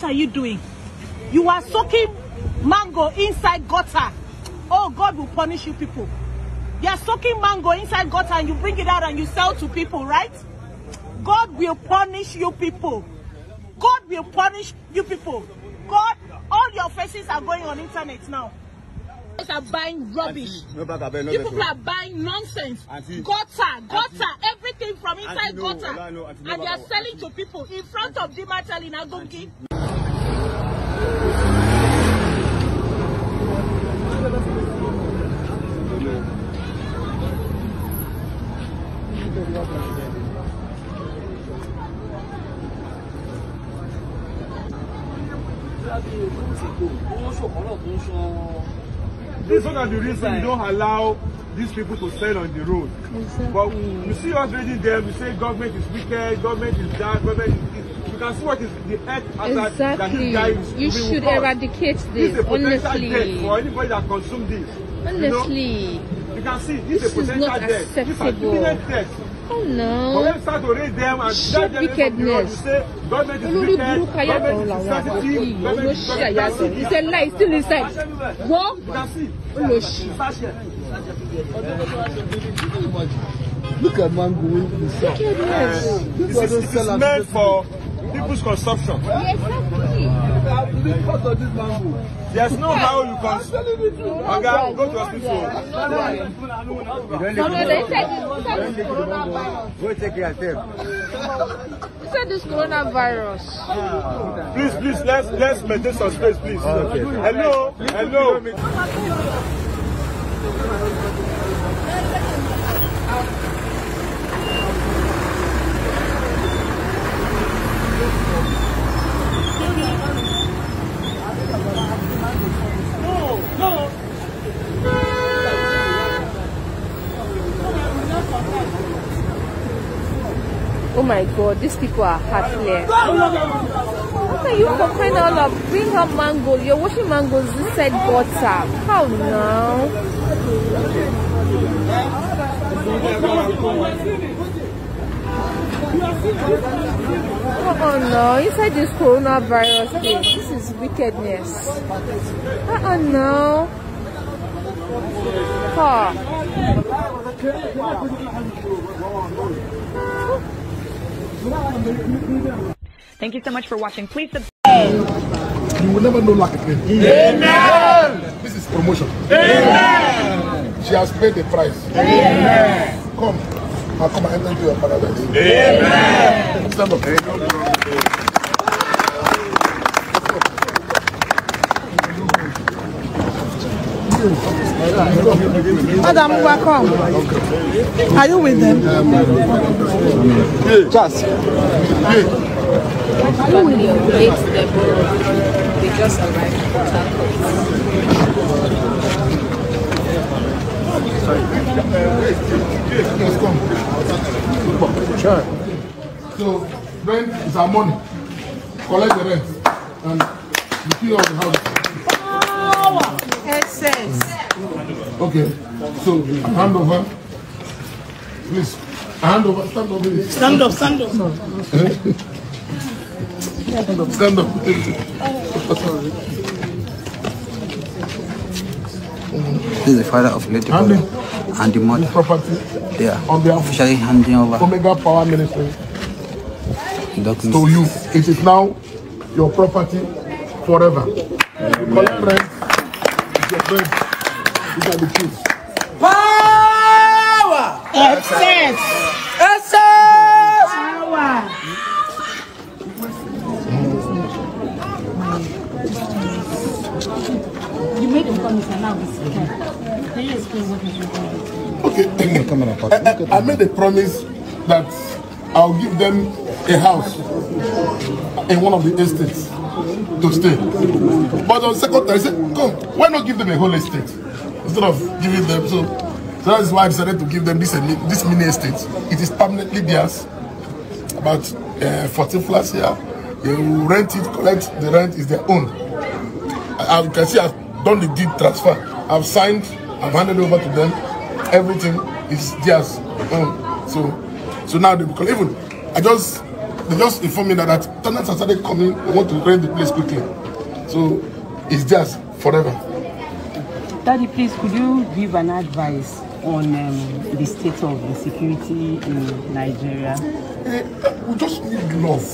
What are you doing? You are soaking mango inside gutter. Oh, God will punish you people. You are soaking mango inside gutter and you bring it out and you sell to people, right? God will punish you people. God will punish you people. God, all your faces are going on internet now. You are buying rubbish. you people are buying nonsense. Auntie, gutter, gutter, everything from inside auntie, gutter. and they are selling to people in front of Dima Tali Nagogi. This one of the reason we don't allow these people to sell on the road. But you see what's reading them, you say government is wicked, government is bad, government is You can see what is the head exactly. that this guy You should eradicate this, this is a honestly. Death for anybody that consumes this. Honestly. You, know? you can see this, this is a potential is not death. Acceptable. This is a death. Oh no. For them start to raise them and that wickedness. Government is wicked. Government is sensitive. He said lie still inside. What? Look at mango. Wickedness. Uh, this is, it is meant for people's consumption. There's no how you can. Oga, go to hospital. No, no, they said this coronavirus. Go take care of yourself. They said this coronavirus. Please, please, let's let's maintain some space, please. Okay. Hello, hello. Oh my god, these people are heartless. How can you for crying out loud? Bring up mango. You're washing mangoes inside butter. How now? Oh no, inside this coronavirus thing, this is wickedness. Oh no. Oh. Thank you so much for watching. Please subscribe. You will never know luck again. Amen. This is promotion. Amen. She has paid the price. Amen. Come. máa kọ́ máa ń tọ́jú ọ̀padà lọ́lé. Madam, welcome. Are you with them? Just. Yes, come. Sure. So, rent is our money. Collect the rent and the key of the house. Power! Essence. Okay. So, hand over. Please. Hand over. Stand up, please. Stand up, stand up. Eh? Stand up, stand up. Stand up. This is the father of Lady Bola and the mother. Property Yeah. on behalf officially handing over Omega Power Ministry to you. It is now your property forever. Amen. Power! Excess! come and apart. I, I, I made a promise that I'll give them a house in one of the estates to stay. But on second time, I said, come, why not give them a whole estate instead of giving them so? So that's why I decided to give them this uh, this mini estate. It is permanently theirs. About uh, 14 flats here. They will rent it, collect the rent is their own. As you can see, I've done the deed transfer. I've signed, I've handed over to them everything. It's theirs. Um, so, so now they become even. I just they just informed me that, that tenants have started coming. They want to rent the place quickly. So it's theirs forever. Daddy, please could you give an advice on um, the state of insecurity in Nigeria? Uh, we just need love.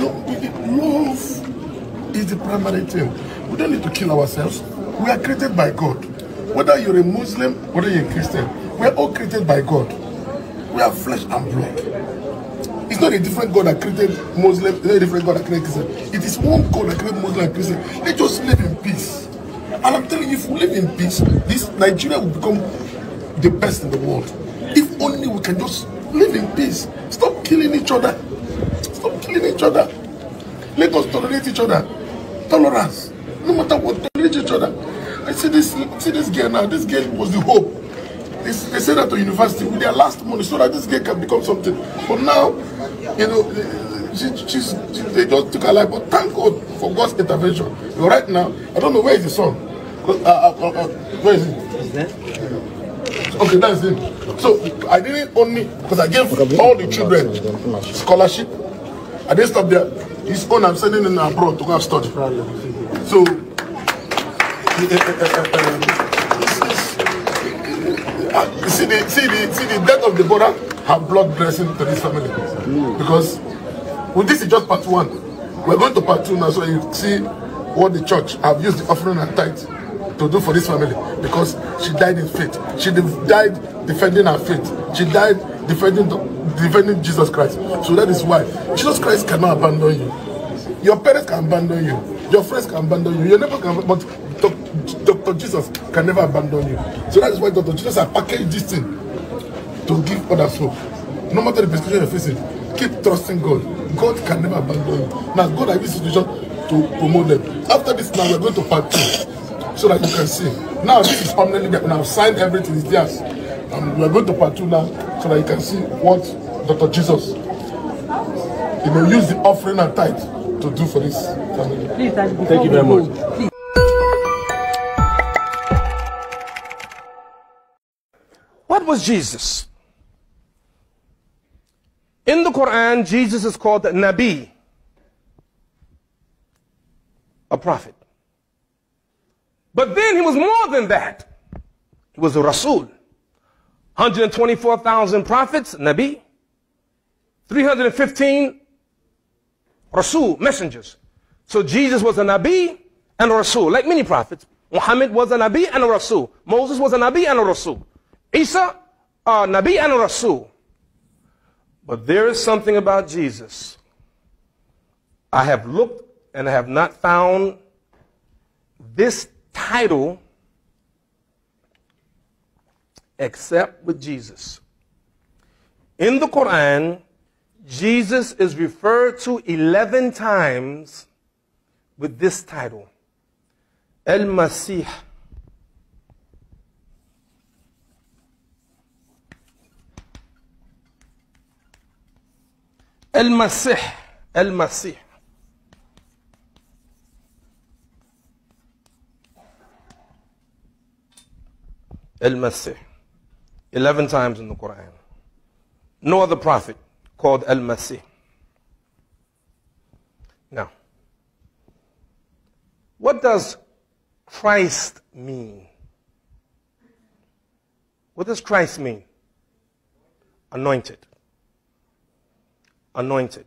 Eh, eh, love is the primary thing. We don't need to kill ourselves. We are created by God. Whether you're a Muslim, whether you're a Christian, We are all created by God. We are flesh and blood. It's not a different God that created Muslim, it's not a different God that created Christian. It is one God that created Muslim and Christian. Let us live in peace. And I'm telling you, if we live in peace, this Nigeria will become the best in the world. If only we can just live in peace. Stop killing each other. Stop killing each other. Let us tolerate each other. Tolerance. No matter what, tolerate each other. I see this see this girl now. This girl was the hope It's, they send her to university with their last money so that this girl can become something. But now, you know, she, she's, she, they just took her life. But thank God for God's intervention. But right now, I don't know where is the son. Uh, uh, uh, uh, where is he? Okay, that's him. So I didn't only because I gave all the children scholarship. I didn't stop there. His own I'm sending him abroad to go and study. So. Uh, uh, uh, uh, uh, see the see the see the death of the brother have blood blessing to this family. Because well, this is just part one. We're going to part two now, so you see what the church have used the offering and tithe to do for this family. Because she died in faith. She de died defending her faith. She died defending defending Jesus Christ. So that is why Jesus Christ cannot abandon you. Your parents can abandon you. Your friends can abandon you. Your neighbors can, but Dr. Jesus can never abandon you. So that is why Dr. Jesus has packaged this thing to give others hope. No matter the persecution you're facing, keep trusting God. God can never abandon you. Now, God has this situation to promote them. After this, now we're going to part two so that you can see. Now, this is permanently there. Now, signed everything is theirs. And we're going to part two now so that you can see what Dr. Jesus you know, use the offering and tithe to do for this family. Please, Thank you very much. Please. What was Jesus? In the Quran, Jesus is called Nabi, a prophet. But then he was more than that. He was a Rasul. 124,000 prophets, Nabi. 315 Rasul, messengers. So Jesus was a Nabi and a Rasul, like many prophets. Muhammad was a Nabi and a Rasul. Moses was a Nabi and a Rasul. Isa, uh, Nabi and Rasul. But there is something about Jesus. I have looked and I have not found this title except with Jesus. In the Quran, Jesus is referred to 11 times with this title, El Masih. المسيح المسيح المسيح 11 times in the Quran no other prophet called المسيح now what does Christ mean what does Christ mean anointed anointed.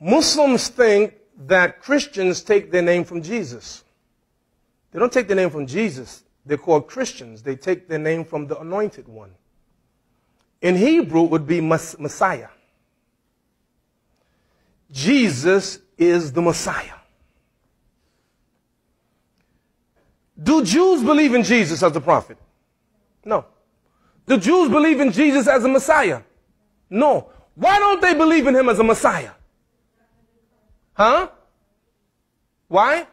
Muslims think that Christians take their name from Jesus. They don't take their name from Jesus. They're called Christians. They take their name from the anointed one. In Hebrew, it would be Messiah. Jesus is the Messiah. Do Jews believe in Jesus as the prophet? No. Do Jews believe in Jesus as a Messiah? No. Why don't they believe in him as a Messiah? Huh? Why?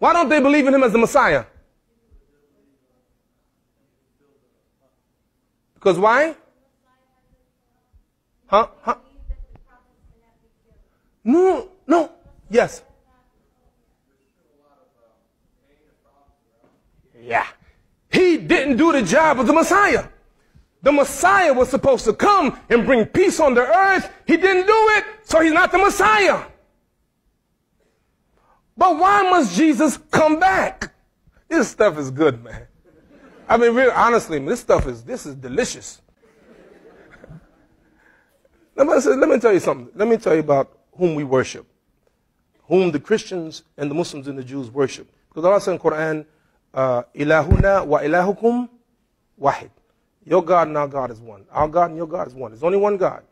Why don't they believe in him as the Messiah? Because why? Huh? huh? No, no. Yes. Yeah. He didn't do the job of the Messiah. The Messiah was supposed to come and bring peace on the earth. He didn't do it, so he's not the Messiah. But why must Jesus come back? This stuff is good, man. I mean, really, honestly, this stuff is, this is delicious. let, me, let me tell you something. Let me tell you about whom we worship, whom the Christians and the Muslims and the Jews worship. Because Allah said in Quran, uh, ilahuna wa ilahukum wahid. Your God and our God is one. Our God and your God is one. There's only one God.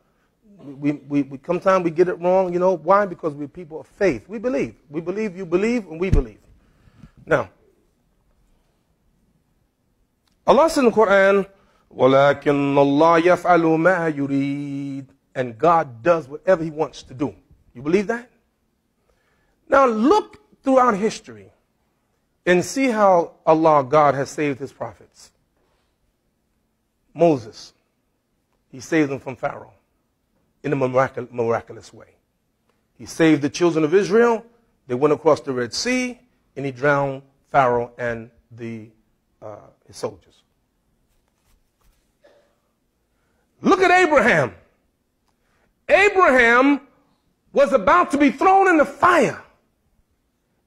We, we, we sometimes we get it wrong, you know. Why? Because we're people of faith. We believe. We believe, you believe, and we believe. Now, Allah said in the Quran, وَلَكِنَّ اللَّهَ يَفْعَلُ مَا يُرِيدُ And God does whatever He wants to do. You believe that? Now look throughout history and see how Allah, God, has saved his prophets. Moses, he saved them from Pharaoh in a miraculous way. He saved the children of Israel. They went across the Red Sea, and he drowned Pharaoh and the, uh, his soldiers. Look at Abraham. Abraham was about to be thrown in the fire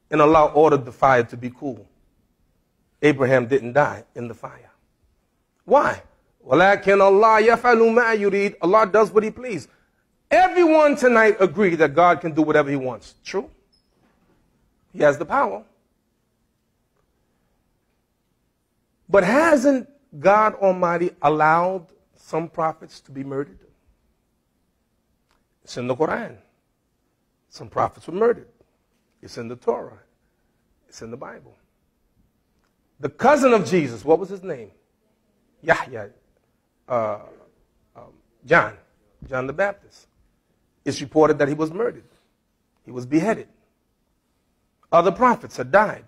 and Allah ordered the fire to be cool. Abraham didn't die in the fire. Why? وَلَكِنْ اللَّهَ يَفْعَلُ مَا يُرِيدُ Allah does what He pleases. Everyone tonight agree that God can do whatever He wants. True. He has the power. But hasn't God Almighty allowed some prophets to be murdered? It's in the Quran. Some prophets were murdered. It's in the Torah. It's in the Bible. The cousin of Jesus, what was his name? Yahya, uh, um, John, John the Baptist. It's reported that he was murdered. He was beheaded. Other prophets had died.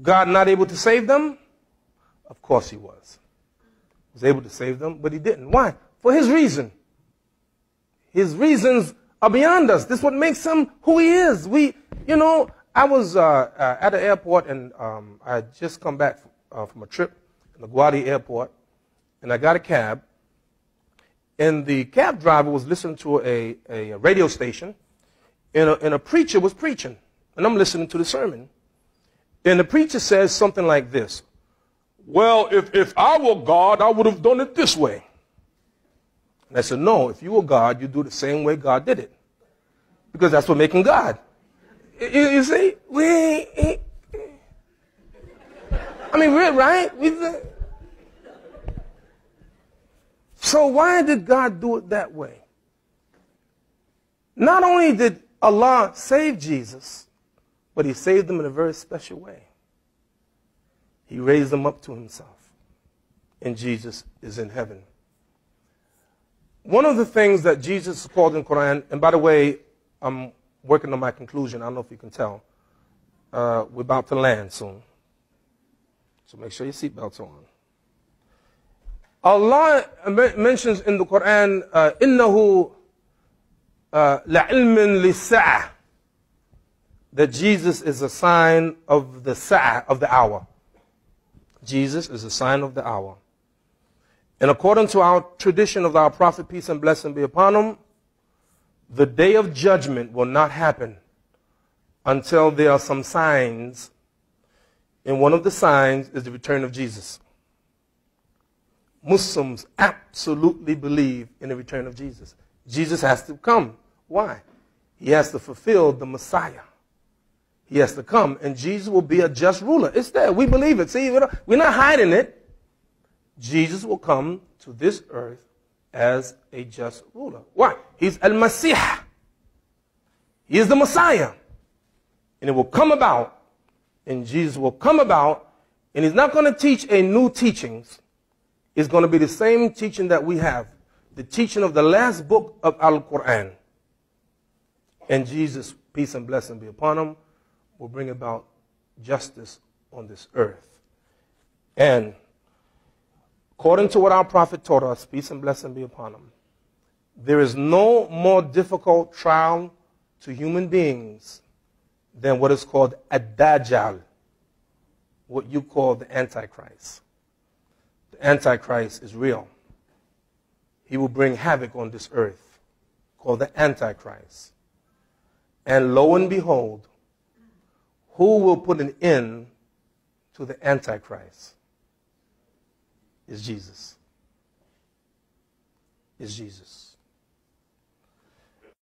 God not able to save them? Of course he was. He was able to save them, but he didn't. Why? For his reason. His reasons are beyond us. This is what makes him who he is. We, you know, I was uh, uh, at the airport and um, I had just come back from, uh, from a trip in the LaGuardia Airport, and I got a cab. And the cab driver was listening to a, a radio station, and a, and a preacher was preaching. And I'm listening to the sermon. And the preacher says something like this Well, if, if I were God, I would have done it this way. And I said, No, if you were God, you do the same way God did it. Because that's what making God. You, you see, we I mean, we're right. We, so why did God do it that way? Not only did Allah save Jesus, but he saved him in a very special way. He raised him up to himself. And Jesus is in heaven. One of the things that Jesus is called in Quran, and by the way, I'm working on my conclusion. I don't know if you can tell. Uh, we're about to land soon. So make sure your seatbelts are on. Allah mentions in the Quran, uh, إِنَّهُ uh, لَعِلْمٍ لِسَعَةٍ that Jesus is a sign of the sa'ah, of the hour. Jesus is a sign of the hour. And according to our tradition of our prophet, peace and blessing be upon him, the day of judgment will not happen until there are some signs. And one of the signs is the return of Jesus. Muslims absolutely believe in the return of Jesus. Jesus has to come. Why? He has to fulfill the Messiah. He has to come, and Jesus will be a just ruler. It's there. We believe it. See, we're not hiding it. Jesus will come to this earth as a just ruler. Why? He's Al Masih. He is the Messiah. And it will come about, and Jesus will come about, and he's not going to teach a new teachings. It's going to be the same teaching that we have, the teaching of the last book of Al Quran. And Jesus, peace and blessing be upon him, will bring about justice on this earth. And According to what our prophet taught us, peace and blessing be upon him, there is no more difficult trial to human beings than what is called ad-dajjal, what you call the Antichrist. The Antichrist is real. He will bring havoc on this earth, called the Antichrist. And lo and behold, who will put an end to the Antichrist? is Jesus. Is Jesus.